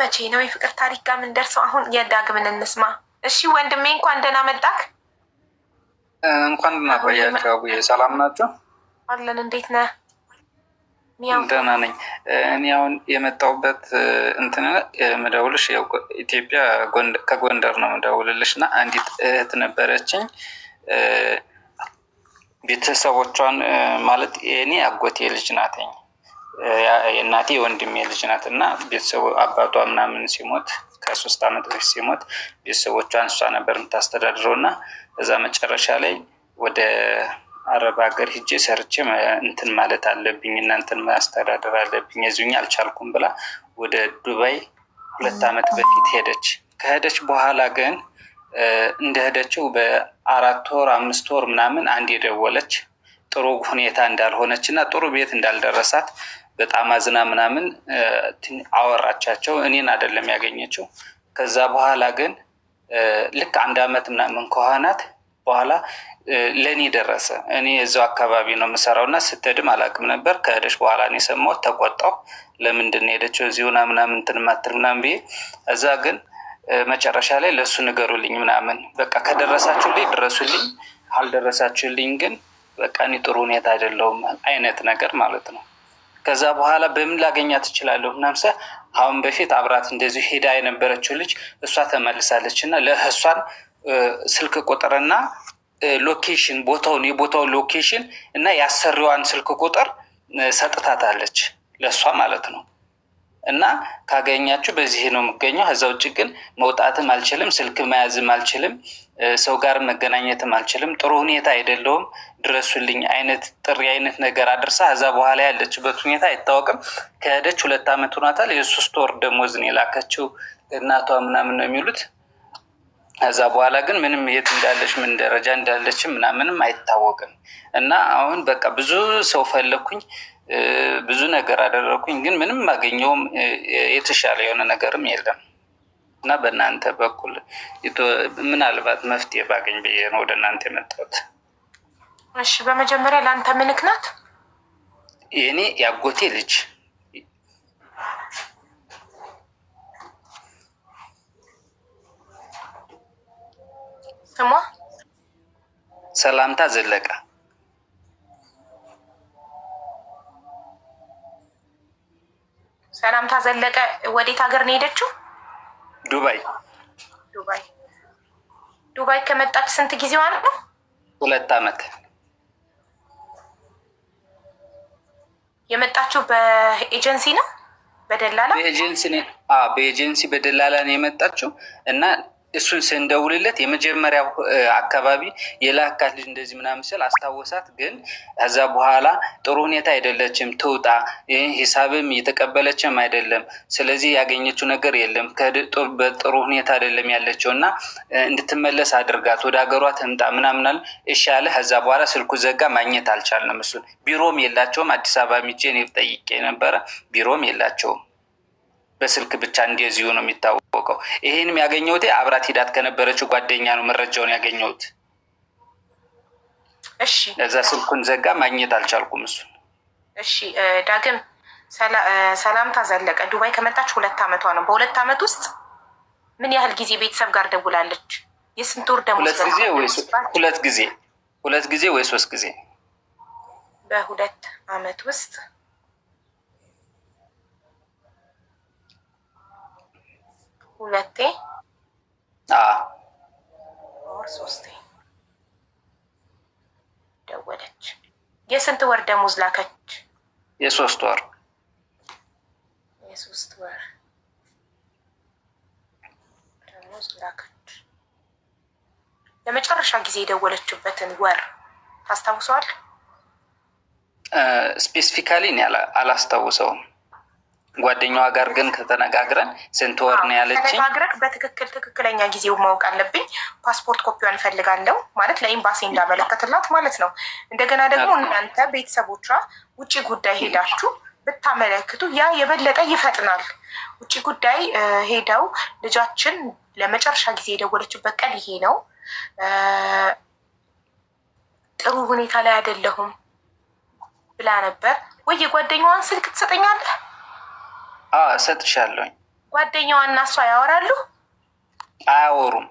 መቼ ነው የፍቅር ታሪክ ጋር የምንደርሰው? አሁን የዳግምን እንስማ እሺ። ወንድሜ እንኳን ደህና መጣክ እንኳን ደህና ቆያችሁ። ሰላም ናቸው አለን። እንዴት ነ ደህና ነኝ። እኔ አሁን የመጣሁበት እንትን ምደውልሽ ኢትዮጵያ ከጎንደር ነው ምደውልልሽ እና አንዲት እህት ነበረችኝ ቤተሰቦቿን ማለት የእኔ አጎቴ ልጅ ናትኝ እናቴ የወንድሜ ልጅ ናት እና ቤተሰቡ አባቷ ምናምን ሲሞት ከሶስት ዓመት በፊት ሲሞት ቤተሰቦቿ እሷ ነበር የምታስተዳድረው እና እዛ መጨረሻ ላይ ወደ አረብ ሀገር ሂጄ ሰርቼ እንትን ማለት አለብኝ እና እንትን ማስተዳደር አለብኝ የዚሁኛ አልቻልኩም ብላ ወደ ዱባይ ሁለት ዓመት በፊት ሄደች። ከሄደች በኋላ ግን እንደሄደችው በአራት ወር አምስት ወር ምናምን አንድ የደወለች ጥሩ ሁኔታ እንዳልሆነች እና ጥሩ ቤት እንዳልደረሳት በጣም አዝና ምናምን አወራቻቸው። እኔን አይደለም ያገኘችው። ከዛ በኋላ ግን ልክ አንድ አመት ምናምን ከሆናት በኋላ ለእኔ ደረሰ። እኔ እዛው አካባቢ ነው የምሰራው እና ስትድም አላውቅም ነበር። ከሄደች በኋላ እኔ ሰማሁት፣ ተቆጣሁ። ለምንድን ነው የሄደችው እዚሁና ምናምን እንትን ማትል ምናምን ብዬ እዛ ግን መጨረሻ ላይ ለእሱ ንገሩልኝ ምናምን በቃ ከደረሳችሁልኝ ድረሱልኝ፣ አልደረሳችሁልኝ ግን በቃ እኔ ጥሩ ሁኔታ አይደለውም አይነት ነገር ማለት ነው። ከዛ በኋላ በምን ላገኛት እችላለሁ? ምናምሳ አሁን በፊት አብራት እንደዚሁ ሄዳ የነበረችው ልጅ እሷ ተመልሳለች እና ለእሷን ስልክ ቁጥርና ሎኬሽን ቦታውን የቦታውን ሎኬሽን እና የአሰሪዋን ስልክ ቁጥር ሰጥታታለች ለእሷ ማለት ነው። እና ካገኛችሁ በዚህ ነው የምገኘው። ከዛ ውጭ ግን መውጣትም አልችልም፣ ስልክ መያዝም አልችልም፣ ሰው ጋር መገናኘትም አልችልም፣ ጥሩ ሁኔታ አይደለውም፣ ድረሱልኝ አይነት ጥሪ አይነት ነገር አድርሳ ከዛ በኋላ ያለችበት ሁኔታ አይታወቅም። ከሄደች ሁለት ዓመት ሆኗታል። የሶስት ወር ደሞዝን የላከችው እናቷ ምናምን ነው የሚሉት። ከዛ በኋላ ግን ምንም የት እንዳለች ምን ደረጃ እንዳለችም ምናምንም አይታወቅም። እና አሁን በቃ ብዙ ሰው ፈለግኩኝ ብዙ ነገር አደረኩኝ፣ ግን ምንም ማገኘውም የተሻለ የሆነ ነገርም የለም እና በእናንተ በኩል ምናልባት መፍትሄ ባገኝ ብዬ ነው ወደ እናንተ የመጣሁት። እሺ፣ በመጀመሪያ ለአንተ ምንክ ናት የኔ ያጎቴ ልጅ ስሟ ሰላምታ ዘለቀ ዘለቀ ወዴት ሀገር ነው የሄደችው? ዱባይ። ዱባይ ዱባይ ከመጣች ስንት ጊዜዋ ነው? ሁለት አመት። የመጣችው በኤጀንሲ ነው በደላላ? በኤጀንሲ በደላላ ነው የመጣችው እና እሱን ስንደውልለት የመጀመሪያው አካባቢ የላካት ልጅ እንደዚህ ምናምን ስል አስታወሳት። ግን ከዛ በኋላ ጥሩ ሁኔታ አይደለችም፣ ትውጣ፣ ሂሳብም እየተቀበለችም አይደለም። ስለዚህ ያገኘችው ነገር የለም፣ በጥሩ ሁኔታ አይደለም ያለችው እና እንድትመለስ አድርጋት፣ ወደ ሀገሯ ትምጣ ምናምናል እሺ አለ። ከዛ በኋላ ስልኩ ዘጋ፣ ማግኘት አልቻልንም። እሱን ቢሮም የላቸውም አዲስ አበባ ሚቼን ጠይቄ ነበረ፣ ቢሮም የላቸውም። በስልክ ብቻ እንደዚሁ ነው የሚታወቀው። ይሄንም ያገኘሁት አብራት ሂዳት ከነበረችው ጓደኛ ነው መረጃውን ያገኘሁት። እሺ፣ እዛ ስልኩን ዘጋ፣ ማግኘት አልቻልኩም እሱን። እሺ፣ ዳግም ሰላምታ ዘለቀ ዱባይ ከመጣች ሁለት ዓመቷ ነው። በሁለት አመት ውስጥ ምን ያህል ጊዜ ቤተሰብ ጋር ደውላለች? የስንት ወር ሁለት ጊዜ ሁለት ጊዜ ወይ ሶስት ጊዜ በሁለት አመት ውስጥ ሁለቴ ሶስቴ ደወለች። የስንት ወር ደሞዝ ላከች? የሶስት ወር የሶስት ወር ደሞዝ ላከች። ለመጨረሻ ጊዜ የደወለችበትን ወር ታስታውሰዋል? ስፔሲፊካሊ አላስታውሰውም። ጓደኛዋ ጋር ግን ከተነጋግረን ስንት ወር ነው ያለችኝ? ተነጋግረን በትክክል ትክክለኛ ጊዜው ማወቅ አለብኝ። ፓስፖርት ኮፒዋን እፈልጋለሁ ማለት ለኤምባሲ እንዳመለከትላት ማለት ነው። እንደገና ደግሞ እናንተ ቤተሰቦቿ ውጭ ጉዳይ ሄዳችሁ ብታመለክቱ ያ የበለጠ ይፈጥናል። ውጭ ጉዳይ ሄደው ልጃችን ለመጨረሻ ጊዜ የደወለችበት ቀን ይሄ ነው፣ ጥሩ ሁኔታ ላይ አይደለሁም ብላ ነበር ወይ የጓደኛዋን ስልክ ትሰጠኛለህ እሰጥሻለሁኝ። ጓደኛዋ እና እሷ ያወራሉ? አያወሩም።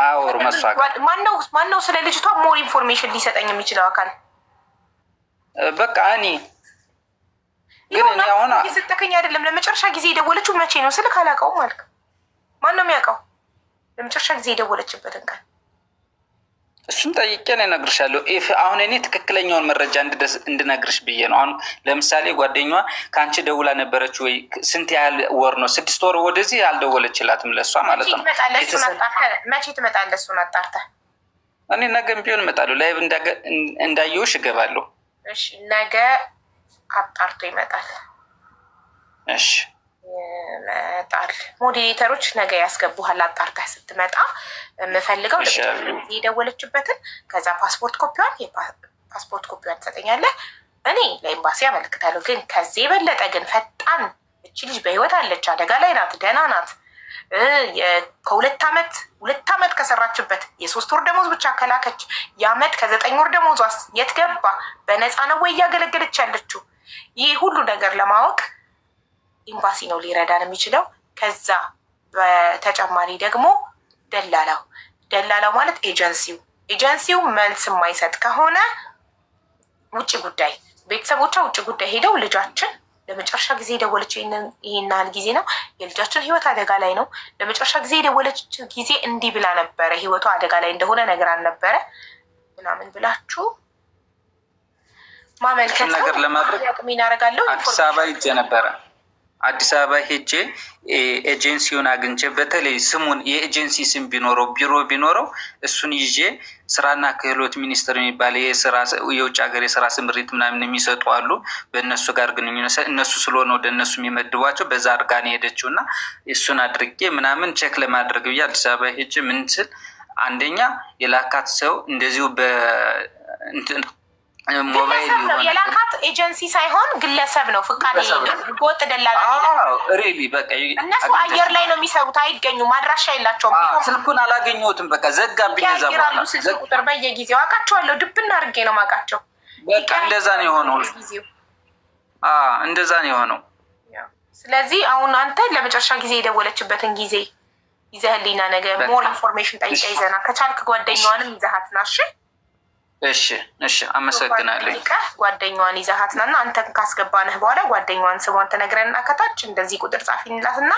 አያወሩም። እሷ ማነው ስለ ልጅቷ ሞር ኢንፎርሜሽን ሊሰጠኝ የሚችለው አካል? በቃ እኔ ግን አይደለም። ለመጨረሻ ጊዜ የደወለችው መቼ ነው ስልክ አላውቀውም አልክ። ማን ነው የሚያውቀው? ለመጨረሻ ጊዜ የደወለችበትን ቀን እሱን ጠይቄ ነው እነግርሻለሁ። አሁን እኔ ትክክለኛውን መረጃ እንድነግርሽ ብዬ ነው። አሁን ለምሳሌ ጓደኛዋ ከአንቺ ደውላ ነበረች ወይ? ስንት ያህል ወር ነው? ስድስት ወር ወደዚህ አልደወለችላትም ለእሷ ማለት ነው። መቼ ትመጣለህ? እሱን አጣርተህ እኔ ነገም ቢሆን እመጣለሁ። ላይቭ እንዳየውሽ እገባለሁ። ነገ አጣርቶ ይመጣል። እሺ መጣል ሞዲሬተሮች ነገ ያስገቡሃል። አጣርታ ስትመጣ የምፈልገው የደወለችበትን ከዛ ፓስፖርት ኮፒዋን ፓስፖርት ኮፒዋን ትሰጠኛለህ። እኔ ለኤምባሲ ያመለክታለሁ ግን ከዚህ የበለጠ ግን ፈጣን እቺ ልጅ በህይወት አለች፣ አደጋ ላይ ናት፣ ደህና ናት። ከሁለት ዓመት ሁለት ዓመት ከሰራችበት የሶስት ወር ደሞዝ ብቻ ከላከች የአመት ከዘጠኝ ወር ደሞዟስ የት ገባ? በነፃ ነው ወይ እያገለገለች ያለችው? ይህ ሁሉ ነገር ለማወቅ ኤምባሲ ነው ሊረዳን የሚችለው። ከዛ በተጨማሪ ደግሞ ደላላው ደላላው ማለት ኤጀንሲው ኤጀንሲው መልስ የማይሰጥ ከሆነ ውጭ ጉዳይ ቤተሰቦቿ ውጭ ጉዳይ ሄደው ልጃችን ለመጨረሻ ጊዜ የደወለች ይህን ያህል ጊዜ ነው፣ የልጃችን ህይወት አደጋ ላይ ነው፣ ለመጨረሻ ጊዜ የደወለች ጊዜ እንዲህ ብላ ነበረ፣ ህይወቷ አደጋ ላይ እንደሆነ ነግራን ነበረ ምናምን ብላችሁ ማመልከት ነገር ለማድረግ አዲስ አበባ ነበረ አዲስ አበባ ሄጄ ኤጀንሲውን አግኝቼ በተለይ ስሙን የኤጀንሲ ስም ቢኖረው ቢሮ ቢኖረው እሱን ይዤ ስራና ክህሎት ሚኒስቴር የሚባለ የውጭ ሀገር የስራ ስምሪት ምናምን የሚሰጡ አሉ። በእነሱ ጋር ግንኙነት እነሱ ስለሆነ ወደ እነሱ የሚመድቧቸው በዛ አድርጋ ነው የሄደችው እና እሱን አድርጌ ምናምን ቼክ ለማድረግ ብዬ አዲስ አበባ ሄጄ ምን ስል አንደኛ የላካት ሰው እንደዚሁ በእንትን ግለሰብ ነው የላካት ኤጀንሲ ሳይሆን ግለሰብ ነው። ፍቃድ እነሱ አየር ላይ ነው የሚሰሩት፣ አይገኙም፣ ማድራሻ የላቸውም። ስልኩን አላገኘሁትም፣ በቃ ስልክ ቁጥር በየጊዜው አውቃቸዋለሁ፣ ድብና አድርጌ ነው የማውቃቸው። በቃ እንደዛ ነው የሆነው፣ እንደዛ ነው የሆነው። ስለዚህ አሁን አንተ ለመጨረሻ ጊዜ የደወለችበትን ጊዜ ይዘህልኝና ነገ ሞር ኢንፎርሜሽን ጠይቀ ይዘና ከቻልክ ጓደኛዋንም ይዘሃት እሺ እሺ፣ አመሰግናለሁ። ጓደኛዋን ይዛሃት ና እና አንተን ካስገባነህ በኋላ ጓደኛዋን ስሟን ትነግረንና ከታች እንደዚህ ቁጥር ጻፊንላት እና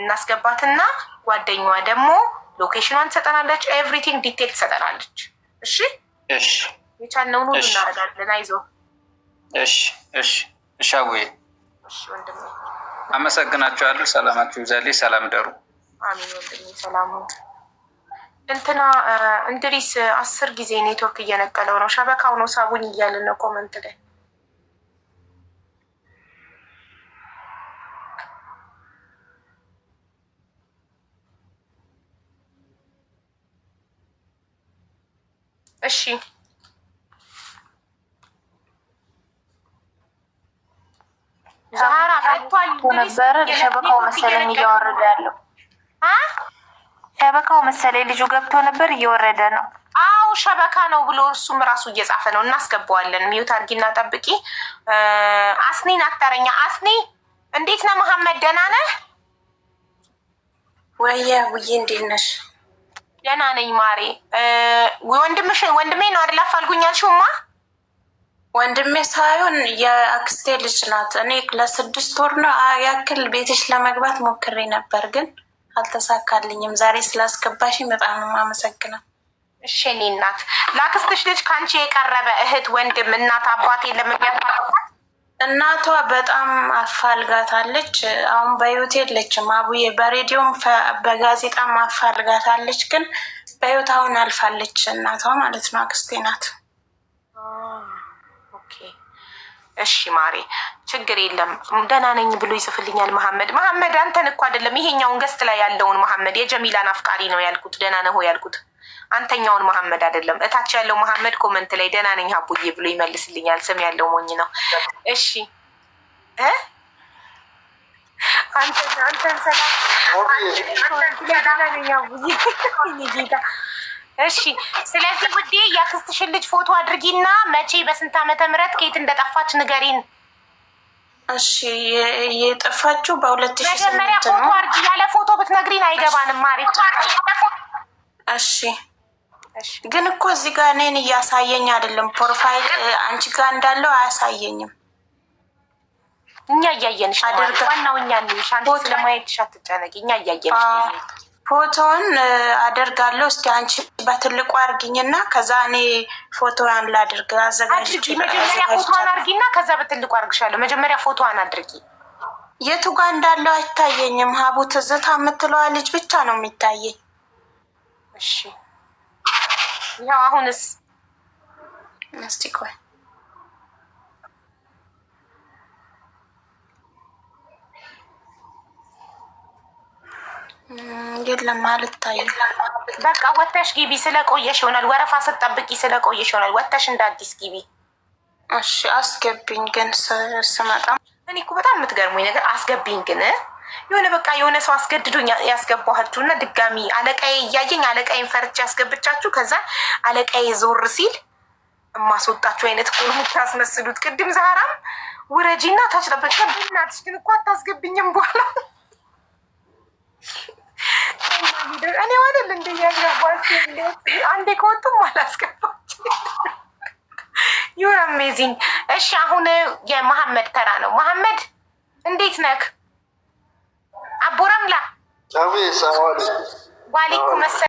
እናስገባትና ጓደኛዋ ደግሞ ሎኬሽኗን ትሰጠናለች። ኤቭሪቲንግ ዲቴል ትሰጠናለች። እሺ እሺ፣ የቻልነውን ሁሉ እናደርጋለን። አይዞ። እሺ እሺ፣ እሺ እሻዌ አመሰግናችኋለሁ። ሰላማችሁ ይብዛልኝ። ሰላም ደሩ። አሚን ወንድሜ፣ ሰላሙ እንትና እንድሪስ አስር ጊዜ ኔትወርክ እየነቀለው ነው። ሸበካው ነው ሳቡኝ እያልን ነው ኮመንት ላይ እሺ ዛራ ነበረ ሸበካው መሰለኝ እያወረደ ያለው ሸበካው መሰለኝ ልጁ ገብቶ ነበር እየወረደ ነው። አዎ ሸበካ ነው ብሎ እሱም ራሱ እየጻፈ ነው። እናስገባዋለን። ሚዩት አርጊና ጠብቂ። አስኒ አታረኛ። አስኒ እንዴት ነው መሐመድ ደህና ነህ? ወየ ውዬ እንዴት ነሽ? ደህና ነኝ ማሬ። ወንድምሽ ወንድሜ ነው አይደል? አፋልጉኝ ሹማ ወንድሜ ሳይሆን የአክስቴ ልጅ ናት። እኔ ለስድስት ወር ነው ያክል ቤትሽ ለመግባት ሞክሬ ነበር ግን አልተሳካልኝም። ዛሬ ስላስገባሽ በጣም ነው እሺ እኔ እናት ለአክስትሽ ልጅ ከአንቺ የቀረበ እህት፣ ወንድም፣ እናት፣ አባቴ ለምያፋ እናቷ በጣም አፋልጋታለች። አሁን በህይወት የለችም። አቡዬ በሬዲዮም በጋዜጣም አፋልጋታለች፣ ግን በህይወት አሁን አልፋለች። እናቷ ማለት ነው አክስቴ ናት። እሺ ማሬ ችግር የለም ደህና ነኝ ብሎ ይጽፍልኛል። መሐመድ መሐመድ አንተን እኮ አይደለም ይሄኛውን ገስት ላይ ያለውን መሐመድ የጀሚላን አፍቃሪ ነው ያልኩት። ደህና ነህ ያልኩት አንተኛውን መሐመድ አይደለም። እታች ያለው መሐመድ ኮመንት ላይ ደህና ነኝ አቡዬ ብሎ ይመልስልኛል። ስም ያለው ሞኝ ነው። እሺ አንተን ሰላም ደህና ነኝ አቡዬ ጌታ እሺ ስለዚህ ውዴ ያክስትሽን ልጅ ፎቶ አድርጊና መቼ በስንት ዓመተ ምህረት ከየት እንደጠፋች ንገሪን። እሺ የጠፋችው በሁለት ሺ ስምንት መጀመሪያ ፎቶ አድርጊ። ያለ ፎቶ ብትነግሪን አይገባንም። ማሪክ እሺ ግን እኮ እዚህ ጋር እኔን እያሳየኝ አይደለም። ፕሮፋይል አንቺ ጋር እንዳለው አያሳየኝም። እኛ እያየንሽ አደርጋ ዋናው እኛ ንሽ አንቺ ስለማየትሽ አትጨነቂ። እኛ እያየንሽ ፎቶን አደርጋለሁ። እስኪ አንቺ በትልቁ አርግኝና ከዛ እኔ ፎቶዋን ላድርግ። አዘጋጅ መጀመሪያ ፎቶዋን አርጊና ከዛ በትልቁ አርግሻለሁ። መጀመሪያ ፎቶዋን አድርጊ። የቱ ጋ እንዳለው አይታየኝም። ሀቡ ትዝታ የምትለዋ ልጅ ብቻ ነው የሚታየኝ። እሺ ያው አሁንስ እስቲ ቆይ የለም አልታይም። በቃ ወተሽ ግቢ። ስለቆየሽ ይሆናል ወረፋ ስጠብቂ ስለቆየሽ ይሆናል። ወተሽ እንደ አዲስ ግቢ። እሺ አስገቢኝ፣ ግን ስመጣ እኔ እኮ በጣም የምትገርሙኝ ነገር አስገቢኝ፣ ግን የሆነ በቃ የሆነ ሰው አስገድዶኝ ያስገባኋችሁና ድጋሚ አለቃዬ እያየኝ አለቃዬን ፈርቼ ያስገብቻችሁ ከዛ አለቃዬ ዞር ሲል የማስወጣችሁ አይነት እኮ ነው የምታስመስሉት። ቅድም ዛራም ውረጂና ታች ጠበቅሽ ብናትሽ ግን እኮ አታስገብኝም በኋላ እኔ አይደል እንደ ያግባባችሁ አንዴ ከወጡም አላስገባችሁ። ዩር አሜዚንግ። እሺ አሁን የመሐመድ ተራ ነው። መሐመድ እንዴት ነክ? አቦረምላ ዋሌኩም መሰ